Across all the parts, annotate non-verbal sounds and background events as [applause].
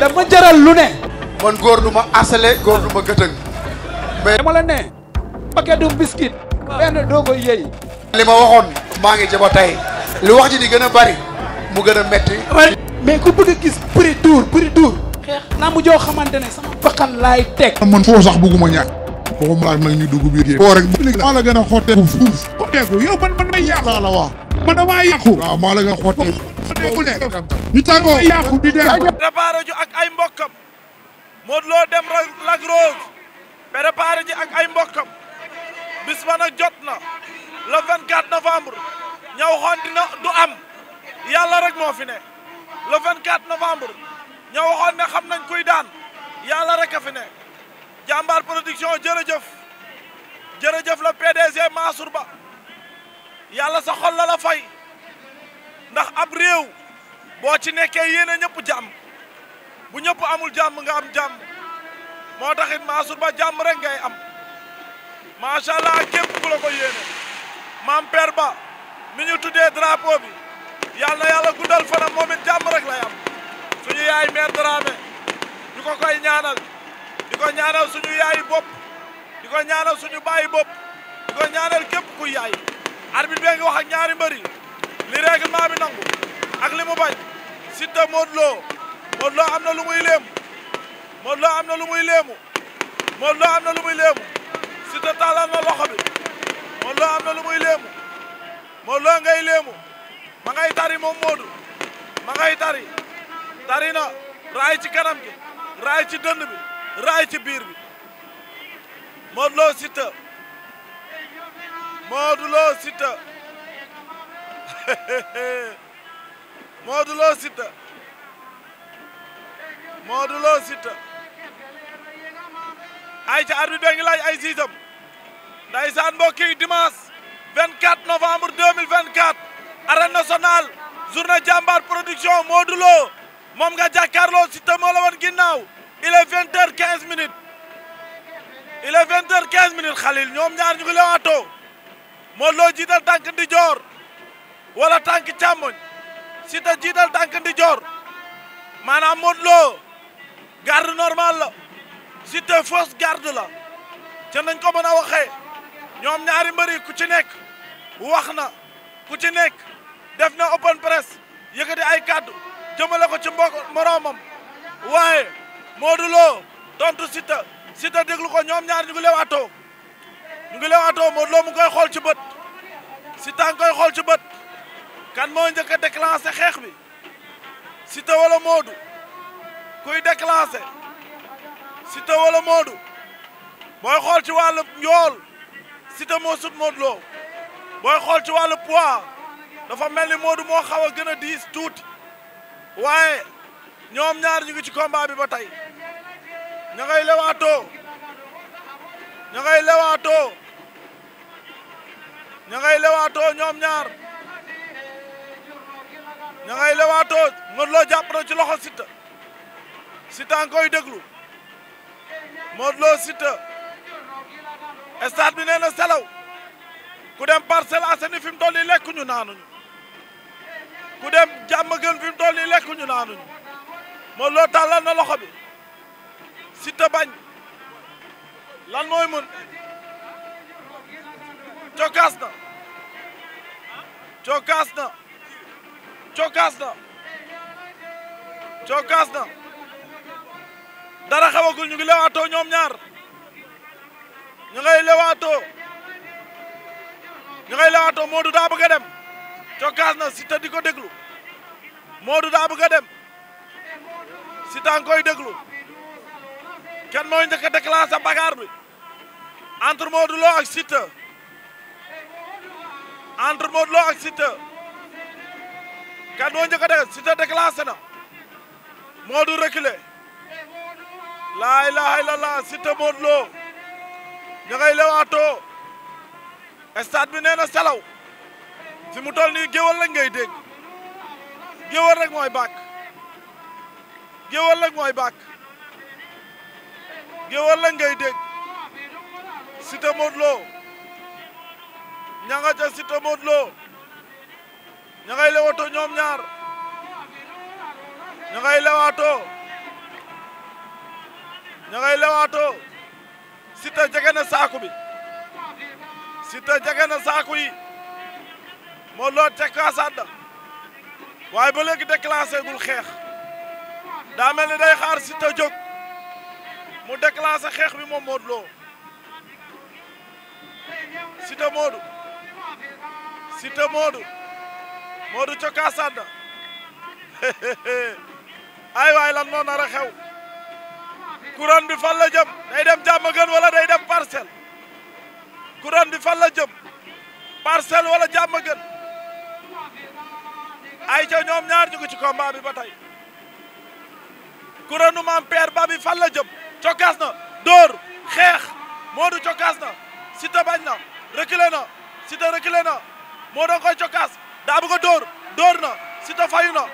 dafa jaral lu iya, iya. ne. man gor duma ma asale góor du ma mais dama la ne. paquet du biscuit. benn doo koy lima li ma ngi jabo tay li wax ji di gëna bari mu gëna metti. mais ku bëgg gis prix tour prix tour na mu joo xamantene sama bakkan lay tek man fo sax bëgguma ko mo la nak ñu dugg biir kii. foo rek ma la gëna xoté gën a xotteeku fuuf. xotteeku yow ban man may yalla la wax. ma damaa yàqu. waaw maa la nga xottee. ñu tàngoo yàqu di dem. préparé ju ak ay mbokkam Modou Lo dem Lac Rose préparé ji ak ay mbokkam bis ba nag jot na le 24 novembre ñaw xoon dina du am yàlla rek moo fi ne le 24 novembre ña waxoon ne xam nañ kuy daan yàlla rek a fi ne jàmbaar production jërëjëf jërëjëf la PDG Mansour Ba yàlla sa xol la fay ndax ab réew boo ci nekkee yéene ñëpp jàmm bu ñëpp amul jàmm nga am jàmm moo taxit Mansour Ba jàmm rek ngay am macha allah képp ku la ko yéene maam mi ñu tuddee drapeau bi yàlla na yàlla guddal fanam moom it jàmm rek lay yaay mère Dramé ñu koy ñaanal di ko ñaanal suñu yaay bopp di ko ñaanal suñu baay bopp di ko ñaanal képp ku yaay arbitre bee ngi wax ak ñaari li règlement bi nangu ak mu bañ Siteu Modou Lo am na lu muy léemu am na lu muy léemu Modou Lo am na lu muy taalal na loxo bi am na lu muy léemu Modou Lo ngay tari moom Modou ma tari tari na raay ci kanam gi raay ci dënn bi raay ci biir bi Modou Lo Modou Lo Siteu [laughs] Modou Lo Siteu Modou Lo Siteu ay ca arbitre bi ngi laaj ay siisam ndaysaan mbokk yi dimanche 24 novembre 2024 arène nationale journée jàmbaar production Modou Lo moom nga jàkkaarloo Siteu moo la woon ginnaaw il est 20 heures 15 minutes il est 20 heures ñoom ñaar ñu ngi Modou loo jiital tànk ndi joor wala tànk càmmoñ Siteu jiital tànk ndi joor maanaam Modou Lo garde normal la Siteu fausse garde la ca nañ ko mën a waxee ñoom ñaari mbari ku ci nekk wax na ku ci nekk def na open press yëkkati ay kàddu jëmale ko ci mbokk moroomam waaye Modou Lo tontu Siteu Siteu déglu ko ñoom ñaari ñu ngi lewaatoo ñu ngi leewaatoo Modou Lo mu koy xool ci bët Siteu a xool ci bët kan moo njëkk a déclenché xeex bi Siteu wala Modou kuy déclenché Siteu wala Modou booy xool ci wàllu njool Siteu moo sut Modou Lo booy xool ci wàllu poids dafa mel ni Modou moo xaw a gën a diis tuuti waaye ñoom ñaar ñu ngi ci combat bi ba tey ña ngay leewaatoo ña ngay lewaatoo ña ngay ñoom ñaar ña ngay lewaatoo Modou Lo jàpp na ci loxo Siteu Siteu koy déglu Modou Lo Siteu stade bi nee na selaw ku dem Parcelles Assainies fi mu toll nii lekkuñu naanuñu ku dem jàmm gën fi mu toll nii lekkuñu naanuñu Modou Lo tàllal na loxo bi Siteu bañ lan mooy mën cokaas na cokaas na cokaas na cokaas na dara xewagul ñu ngi lewaatoo ñoom ñaar ñu ngay lewaatoo ñu ngay lewaatoo Modou daa bëgg a dem cokaas na si te di ko déglu Modou daa bëgg si tànk koy déglu kenn mooy njëkk a bagaar bi entre Modou Lo ak Siteu entre Modou Lo ak Siteu kan moo njëkk a def Siteu déclassé na Modou reculé laa ilaha illallah Siteu Modou Lo ña ngay lewaatoo stade bi nee na selaw fi mu tol nii géwal lañ ngay dégg géwal rek mooy bàkk géwal rek mooy bàkk géwal lañ ngay dégg Siteu Modou Lo ña nga ca Siteu Modou Lo ña ngay lewato ñoom jege na saaku bi Siteu jege na saaku yi Modou Lo teg ka sadda waaye ba léegi déclenché gul xeex daa mel ni day xaar Siteu jóg mu déclenché xeex bi moom Modou Lo Siteu Modou Siteu Modou Modou cokkaasaat na [laughs] ay waay lan moo a xew couronne bi fan la jëm day dem Diamaguène wala day dem Parcelles couronne bi fan la jëm Parcelles wala Diamaguène ay ca ñoom ñaar ñu ngi ci combat bi ba Maam Père ba bi fan la jëm cokkaas na dóor xeex Modou cokkaas Siteu bañ na reculé na Siteu reculé na moo doon koy cokkaas daa bëgg a dóor na Siteu fayu na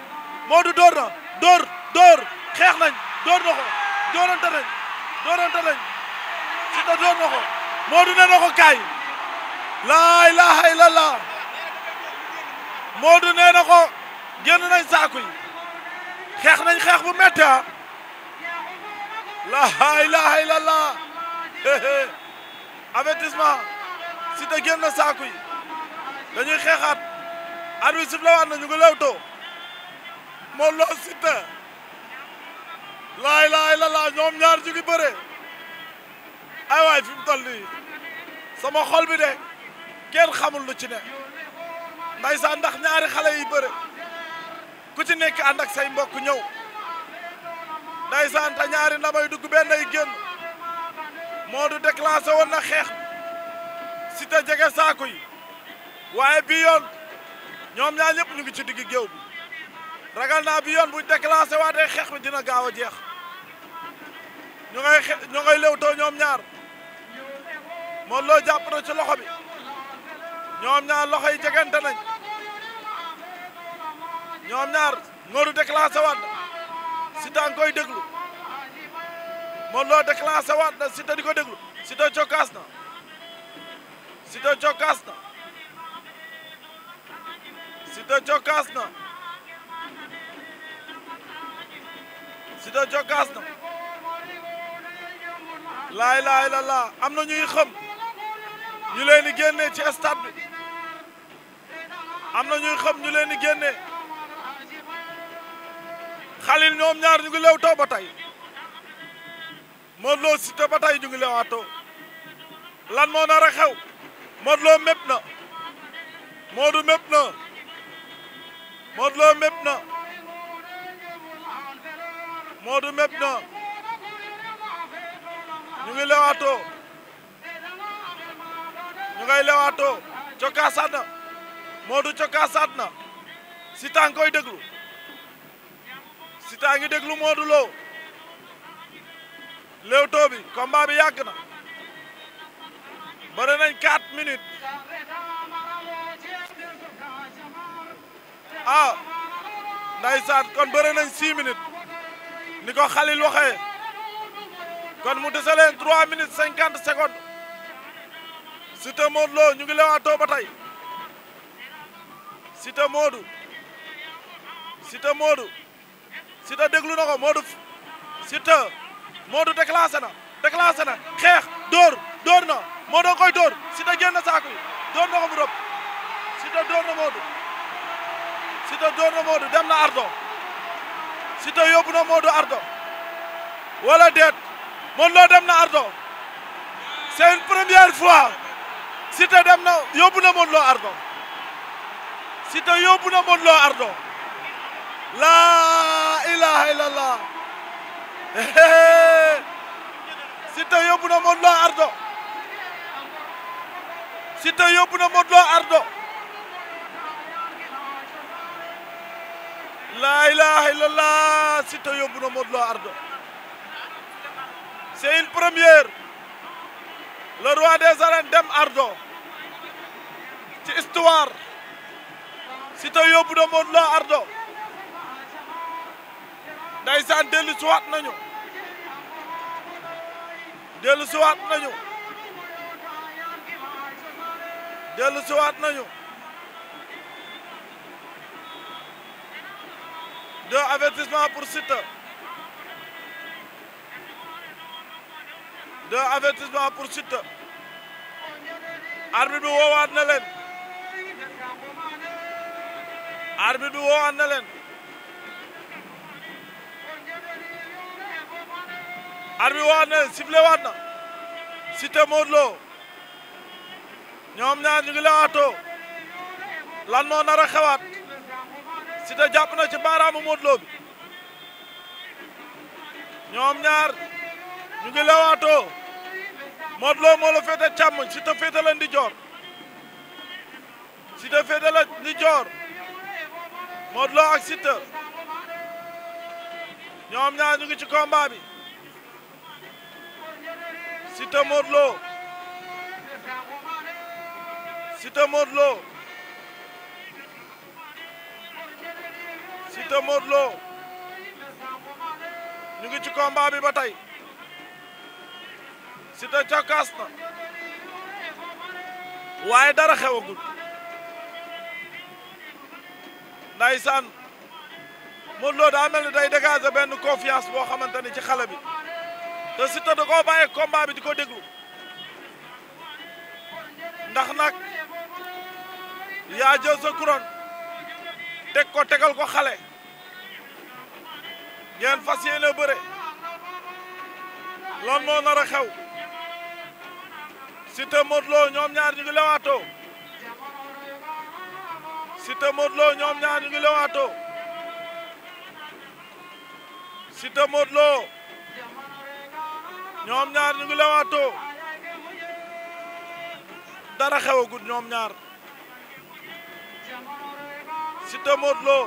moodu dóor na dóor dóor xeex nañ dóor na ko dóorante nañ dóorante nañ Siteu dóor na ko Modou nee na ko kaay laa ilaha illallah Modou nee na ko génn nañ saaku yi xeex nañ xeex bu métti ah, laa ilaha illallah [laughs] avertissement Siteu génn na saaku yi dañuy xeexaat arbitre siflé waat na ñu ngi lewtoo Modou Lo Siteu la laa ñoom ñaar ñu ngi bëre ay waay fi mu toll nii sama xol bi de kenn xamul lu ci ne ndaysaan ndax ñaari xale yi bëre ku ci nekk ànd ak say mbokk ñëw ndaysaan te ñaari ndamay dugg benn ay génn Modou déclenché woon na xeex Siteu jege saako yi waaye bi yoon ñoom ñaar ñëpp ñu ngi ci digg géew bi ragal naa bi yoon bu déclenché waatee xeex bi dina gaaw a jeex ñu ngay xe ñu ngay lewtoo ñoom ñaar Modou Lo jàpp na ci loxo bi ñoom loxo yi jegante nañ ñoom ñaar Modou déclenché waat koy déglu. Modou Lo déclenché waat na Siteu di ko déglu Siteu cokkaas na Siteu cokkaas na Siteu cokkaas na Siteu na laay laay la laa am na ñuy xam ñu leen di génne ci stade bi am na ñuy xam ñu leen di génne xalil ñoom ñaar ñu ngi lew taw ba tey Modou Lo Siteu ba tey ñu ngi lan moo nar a xew Modou na Modou mépp na Modou Lo mépp na Modou mépp na ñu ngi leewaatoo ñu ngay leewaatoo cokkaasaat na Modou cokkaasaat na Siteu a ngi déglu Siteu léewtoo bi combat bi yàgg na bëri nañ 4 minutes ah ndeysaan kon bëri nañ 6 ni ko Khalil waxee kon mu dese leen 3 minutes 50 secondes Siteu Modou Lo ñu ngi leewaatoo ba tey Siteu Modou Siteu Modou déglu na ko Modou Siteu. Modou déclenché na déclenché na xeex dóor dóor na Modou koy dóor Siteu génn saako yi dóor na ko mu dëpp Siteu na Modou Siteu dóor na Modou dem na Ardo Siteu yóbbu na Modou Ardo wala déet Modou Lo dem na Ardo c'est une première fois dem na yóbbu na Modou Lo Ardo Siteu yóbbu na Modou Lo Ardo laa ilaha illallah Sito yobu na modlo Ardo Siteu yobu na modlo Ardo La ilaha illallah Siteu na modlo Ardo c'est une première le roi des arènes dem Ardo C'est histoire Siteu yobu na modlo Ardo delu n'anyo. dellu siwaat nañu dellu siwaat nañu deux avertissements pour Siteu deux avertissements pour Siteu arbitre bi woowaat na leen arbitre bi woowaat na leen arbi waat na sifflé waat na Siteu Modou Lo ñoom ñaar ñu ngi lewaatoo lan moo a xewaat Siteu jàpp na ci baaraamu Modou Lo bi ñoom ñaar ñu ngi lewaatoo Modou Lo moo la féete càmmoñ Siteu féete la ndijoor Siteu féete la ndijoor Modou Lo ak Siteu ñoom ñaar ñu ngi ci combat bi Siteu Modou loo Siteu Modou Lo Siteu Modou Lo ñu ngi ci combat bi ba tey Siteu cokkaas na waaye dara xewagul ndaysaan Modou Lo daa mel ni day dégager benn confiance boo xamante ni ci xale bi te Siteu da koo bàyyi combat bi di ko déglu ndax nag yaa jël sa teg ko tegal ko xale ngeen fas yéene bëre lan moo nar a xew Siteu Modou Lo ñoom ñaar ñu ngi lewaatoo Siteu Modou Lo ñoom ñaar ñu ngi lewaatoo Siteu Modou Lo ñoom ñaar ñu ngi lewaatoo dara xewagut ñoom ñaar Siteu Modou Lo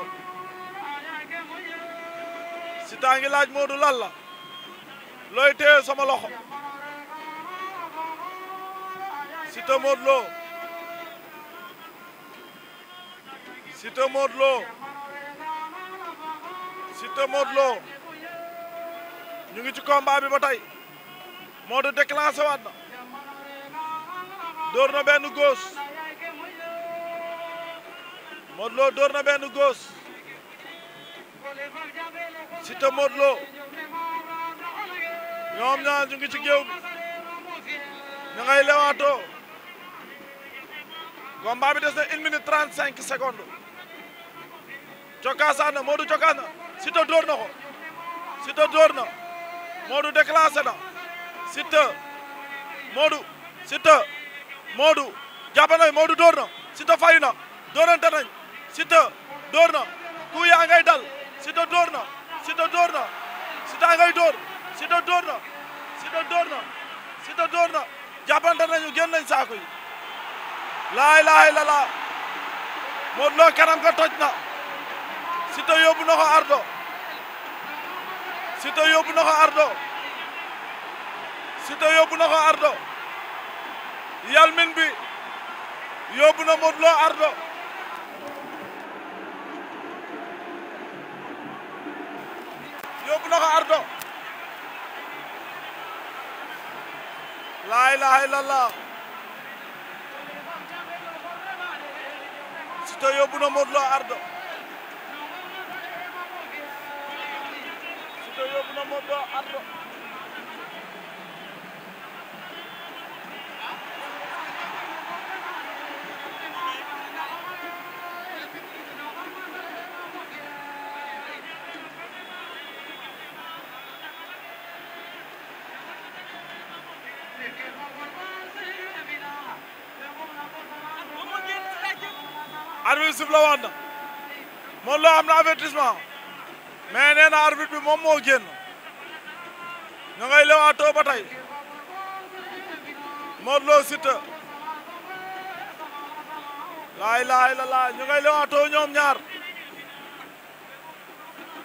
Siteu ngi laaj Modou lan la looy téye sama loxo Siteu Modou loo Siteu Modou Lo ñu ngi ci combat bi ba Modou déclenché waat na dóor na benn góos Modou Lo dóor na benn góos Siteu Modou Lo ñoom ñaar ñu ngi ci géew bi ñu ngay lewaatoo combat bi des na une minute trente cinq secondes cokkaasaan na Modou cokkaas na Siteu Modou Siteu Modou jàppandoo Modou door na Siteu fayu na doorante nañ Siteu door ngay dal Siteu door na Siteu door na Siteu ngay door Siteu door na Siteu door na saako yi laay laay la laa Modou Lo kanam ko na Siteu yóbbu ko ardo Siteu yóbbu ko ardo Siteu yóbbu na ko Ardo yalmin bi yóbbu na Modou Ardo laa ilaha illallah arbitre suuf la wax na Modou am na avertissement mais nee na arbitre bi moom moo génn ñu ngay lewaatoo ba tey Modou Lo Siteu laay laay la laay ñu ngay lewaatoo ñoom ñaar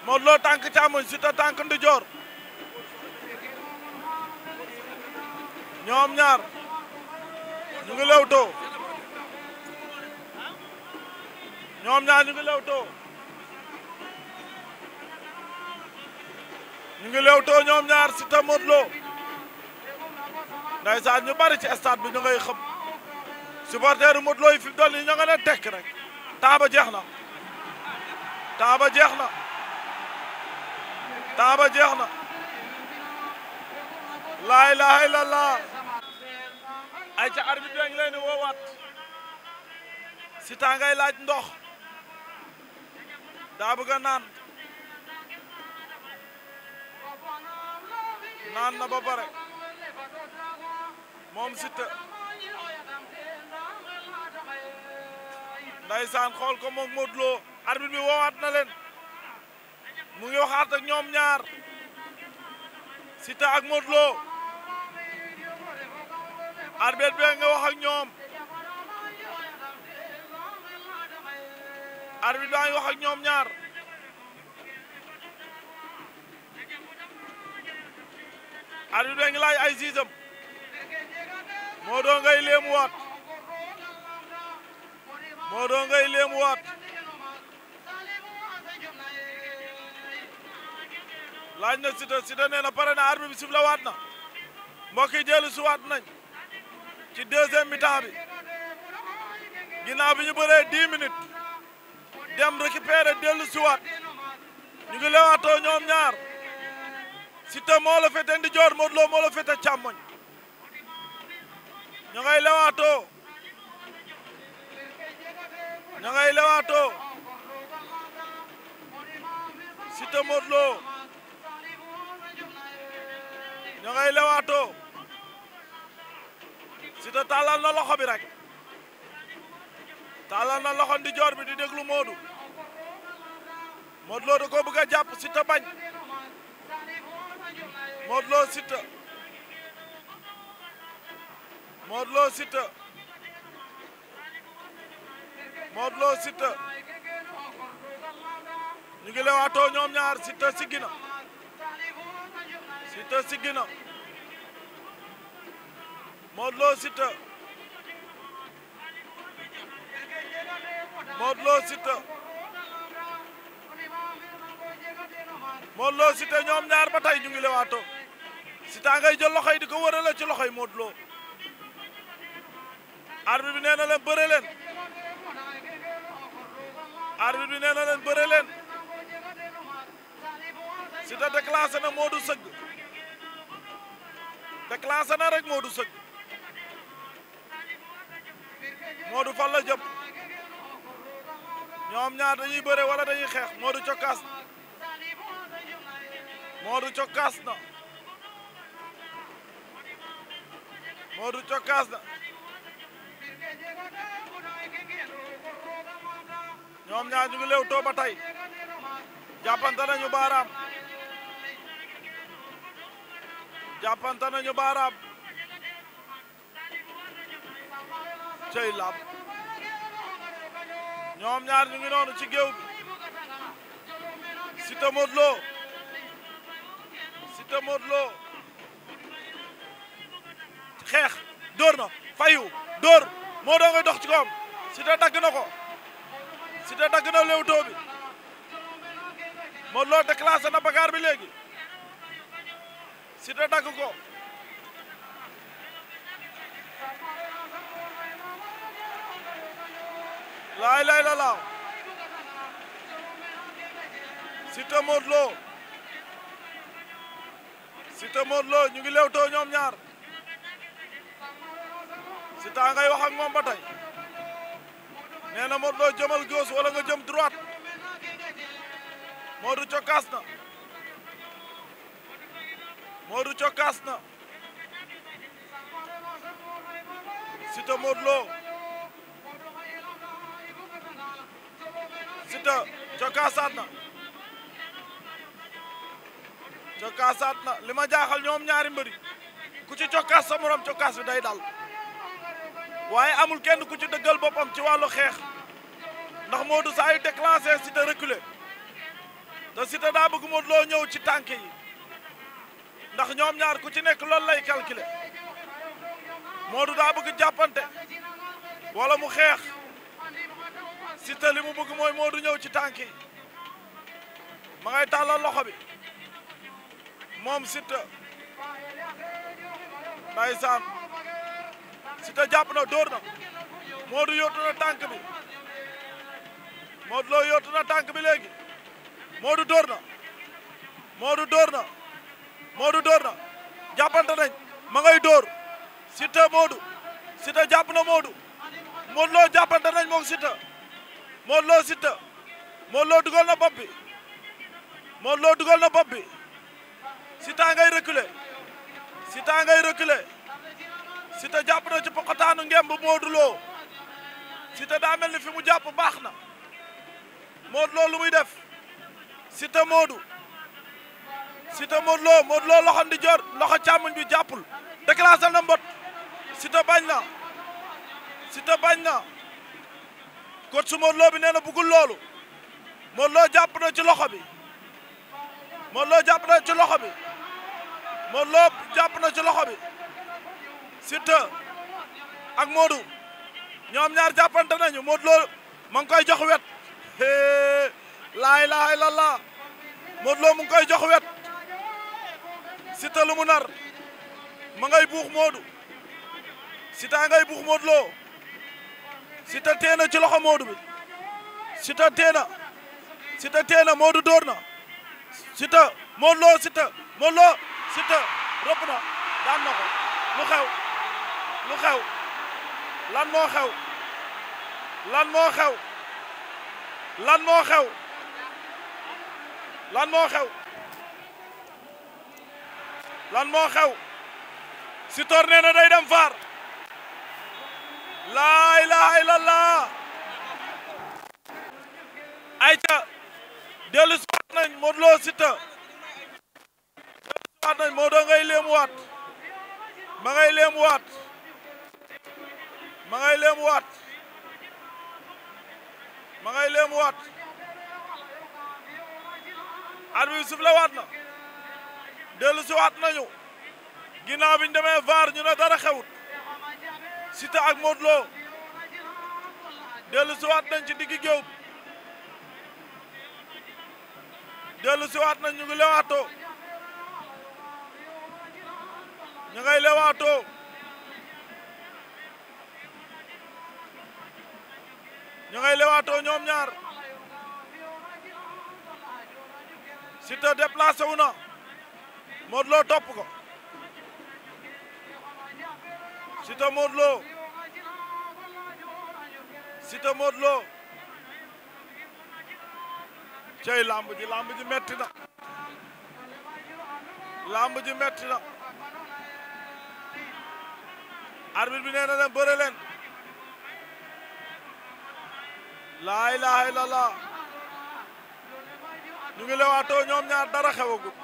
Modou Lo tànk càmmoñ Siteu tànk ndijoor ñoom ñaar ñu ngi lewtoo ñoom ñaar ñu ngi lewtoo ñu ngi lewtoo ñoom ñaar Siteu Modou Lo ndaysaan ñu bari ci stade bi ñu ngay xam supporteru Modou Lo yi fi dool yi ña nga taa ba jeex na ba jeex na taaba jeex na laa ilaha illallah ay ca arbitre bi ngi leen di woowaat Siteu ngay laaj ndox daa bëgg a naan naan na ba bare moom Siteu ndaysaan xool ko moom Modou Lo arbitre bi woowaat na leen mu ngi waxaat ak ñoom ñaar Siteu ak Modou Lo arbitre bi nga wax ak ñoom arbitre baa ngi wax ak ñoom ñaar arbitre baa ngi laaj ay siisam moo doo ngay léemu waat moo doo ngay léemu waat laaj na Siteu Siteu nee na pare na arbitre bi sifla waat na mbokk yi si waat nañ ci deuxième mi-temps bi ginnaaw bi ñu bëree dix minutes dem récupéré dellu ñu ngi lewaatoo ñoom ñaar Siteu moo fete ndi joor Modou Lo fete càmmoñ ñu ngay lewaatoo ñu ngay lewaatoo Siteu Modou Lo ñu ngay lewaatoo Siteu tàllal na loxo bi rek tàllal na loxo ndi joor bi di déglu Modou Modou Lo da ko bëgg a jàpp Siteu bañ Modou Lo Siteu Modou Lo Siteu Modou Lo Siteu ngi leewaatoo ñoom ñaar Siteu siggi na Siteu siggi na Modou Lo Siteu Modou Lo Siteu Modou Lo Siteu ñoom ñaar ba ñu ngi lewaato Siteu ngay jël loxo yi di ko wërale ci loxo yi Modou Lo arbitre bi nee na leen bëre leen arbitre bi nee na leen bëre leen Siteu déclassé na Modou sëgg déclassé na rek Modou sëgg Modou fan la jëm ñoom ñaar dañuy bëre wala dañuy xeex Modou cokkaas na Modou cokkaas na Modou cokkaas na ñoom ñaar ñu ngi leew too ba tey jàppante nañu baaraam jàppante cey lamb ñoom ñaar ñu ngi noonu ci géew bi Siteu Modou Lo Siteu Modou Lo xeex dóor na fayu dóor moo doo ngay dox ci koom Siteu dagg na ko si dagg na léewtoo bi Modou Lo déclassé na bagaar bi léegi si dagg ko laa ilaaha illallaah Siteu Modou Lo Siteu Modou Lo ñu ngi lewtoo ñoom ñaar Siteu ngay wax ak moom ba tey nee na Modou Lo jëmal wala nga jëm droite Modou cokkaas na Modou cokkaas na Siteu Modou Lo Siteu jokkaasaat na jokkaasaat na li ma jaaxal ñoom ñaari mbëri ku ci jokkaas sa morom jokkaas bi day dal waaye amul kenn ku ci dëggal boppam ci wàllu xeex ndax Modou saa yu déclenché Siteu reculé te Siteu daa bëgg Modou Lo ñëw ci tànk yi ndax ñoom ñaar ku ci nekk loolu lay calculé Modou daa bëgg jàppante wala mu xeex Siteu li mu bëgg mooy Modou ñëw ci tànk yi ma ngay loxo bi moom Siteu ndeysaan Siteu jàpp na dóor na Modou yóotu na bi Modou Lo yóotu na tànk bi léegi Modou dóor na Modou dóor na Modou dóor na jàppante nañ ma ngay dóor Siteu Modou Siteu jàpp na Modou Modou Lo nañ moom Siteu Modou Lo Siteu Modou Lo dugal na bopp bi moo loo dugal na bopp bi Siteu ngay reculer Siteu ngay reculer sita jàpp na ci pokotaanu ngemb Modou Lo Siteu daa mel ni fi mu jàpp baax na Modou Lo lu muy def Siteu Modou Siteu Modou Lo Modou Lo loxo ndi loxo càmmoñ bi jàppul déclenché na mbot Siteu bañ na Siteu bañ na coach Modou Lo bi nee na bëggul loolu Modou Lo jàpp na ci loxo bi Modou Lo jàpp na ci loxo bi Modou Lo jàpp na ci loxo bi Siteu ak Modou ñoom ñaar jàppante nañu Modou Lo ma ngi koy jox wet laa ilaha illallah Modou Lo mu koy jox wet Siteu lu mu nar ma ngay buux Modou Siteu ngay buux Modou Lo Siteu tee na Modu loxo Modou Modu Siteu tee na Siteu tee na Modou dóor na Siteu Modou Lo Siteu Modou lan moo lan moo lan moo lan moo xew lan moo xew Siteu nee laa ilaha illallah ayca dellu si waat nañ Modou Lo Siteu dellu si waat nañ Modou ngay léemu waat ma ngay léemu waat ma ngay léemu waat ma ngay léemu waat ar bi sufle waat na dellu si waat nañu ginnaaw biñ demee vaar ñu ne dara xewut Siteu ak Modou Lo dellu siwaat nañ ci diggi géew dellu siwaat nañ ñu ngi lewaatoo ñu ngay lewaatoo ñu ñoom ñaar Siteu déplacé wu na Modou topp ko Siteu Modou Lo Siteu Modou Lo cey lamb ji lamb ji metti na lamb ji metti na arbitre bi nee na leen bëre la laa ilaha illallah ñu ngi lewaatoo ñoom ñaar dara xewagul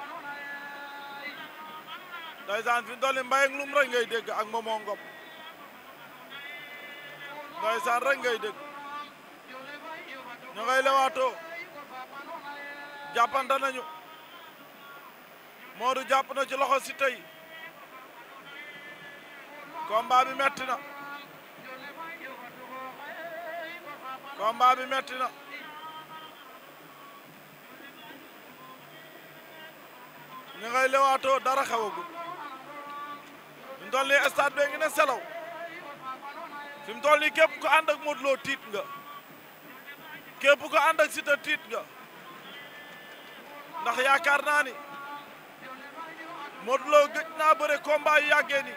ndeysaan fi mu toll mbay ak lum rek ngay dégg ak moomoo ngom ndeysaan rek ngay dégg ñu ngay lewaatoo jàppante nañu Modou jàpp na ci loxo Siteu yi combat bi metti na combat bi metti na ñu ngay dara xewagul ñu toll nii stade bi ngi ne selaw fim mu kep ko andak ku ànd Lo tiit nga kep ko andak ak Siteu tiit nga ndax yaakaar naa ni Modou Lo gëj naa bëre combat yu yàggee ni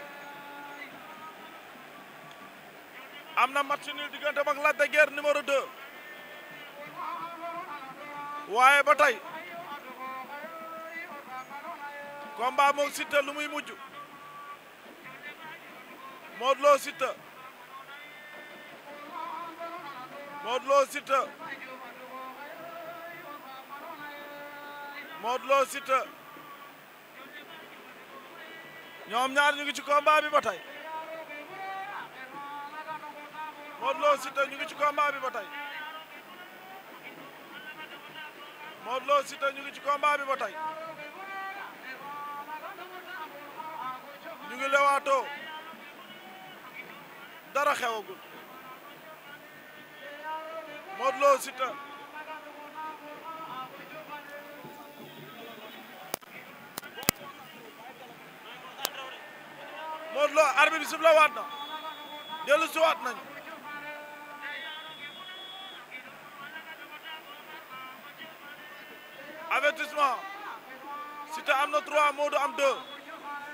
amna match nul digante ak la de guerre numero 2 waye ba tey combat moom Siteu lu muy mujj Modou Lo Modou Lo Siteu Modou Lo Siteu ñoom ñaar ñu ngi ci combat bi ba tey Modou Lo ñu ngi ci combat bi ba tey Modou Lo ñu ngi ci combat bi ba ñu ngi lewaatoo dara xewagul Modou Lo Siteu Modou Lo arbitre bi sifflé waat na dellu waat nañu avertissement Siteu am na 3 Modou am 2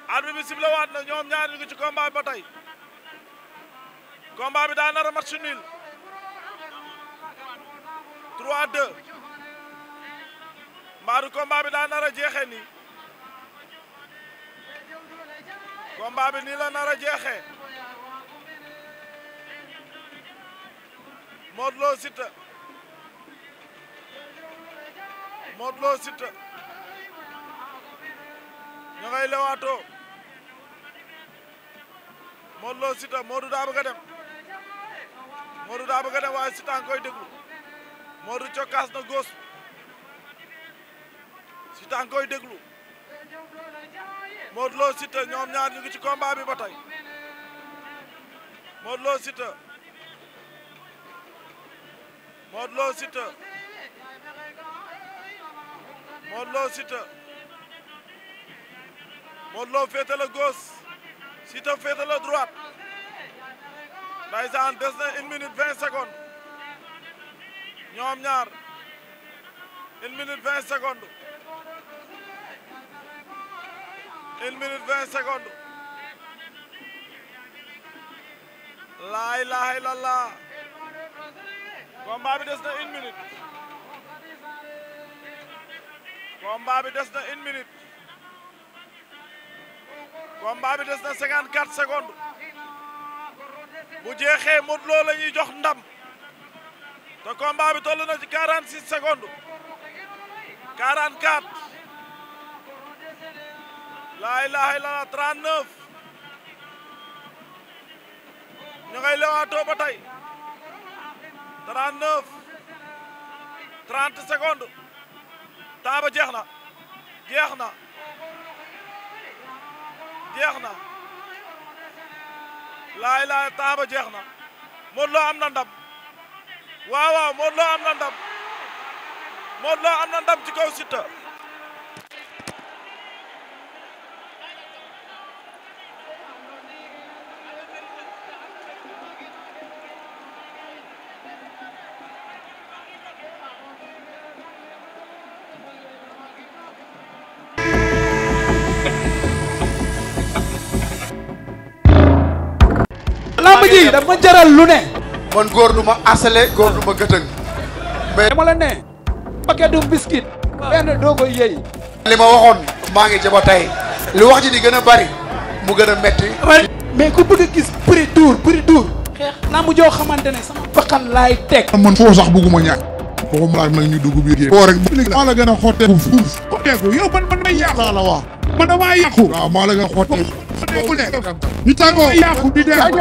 arbitre bi sifflé waat na ñoom ñaar ñu ngi ci combat ba tey combat bi daa nar a 3 2 mbaaru combat bi daa nar a jeexee nii combat bi nii la nar a jeexee Modou Lo Siteu Modou Lo Siteu ñu ngay lewaatoo Modou dem Modou daa bëgg dem waaye Siteu koy déglu Modou cokkaas na góos Siteu a déglu Modou Lo Siteu ñoom ñaar ñu ngi ci combat bi ba tey Modou Lo Siteu Modou Lo Siteu Modou Lo Siteu Modou féete la gauche Siteu féete la droite ndeysaan des na une minute vingt secondes ñoom ñaar une minute vingt secondes une minute vingt secondes laa ilaha illallah bi des na une minute combat bi des na une minute combat bi des na cinquante quatre secondes bu jeexee Modou Lo la ñuy jox ndam te combat bi toll na ci 46 secondes 44 laa ilaha illallah 39 ñu ngay lewaatoo ba tey 39 30 secondes temps ba jeex na jeex na jeex na laa ilaha temps jeex na Modou am na waaw waaw Modou am na ndam Modou Lo am na ndam ji dafa jaral lu ne man góor du ma asale góor du ma gëtëng. mais dama la ne. paquet du biscuit. benn doo koy yëy. li ma waxoon maa ngi jaba tey. li wax ji di gën a bari mu gën a metti. mais ku bëgg gis prix dur prix dur. xeex naa mu joo xamante ne sama bakkan laay teg. man foo sax bugguma ñàkk. waxuma laaj nag ñu dugg biir. koo rek maa la gën a xottee. fuuf xotteeku yow man man may yàqu. la wax man damaa yàqu. waaw maa la gën a xottee. ñu tàggoo yàqu di dem.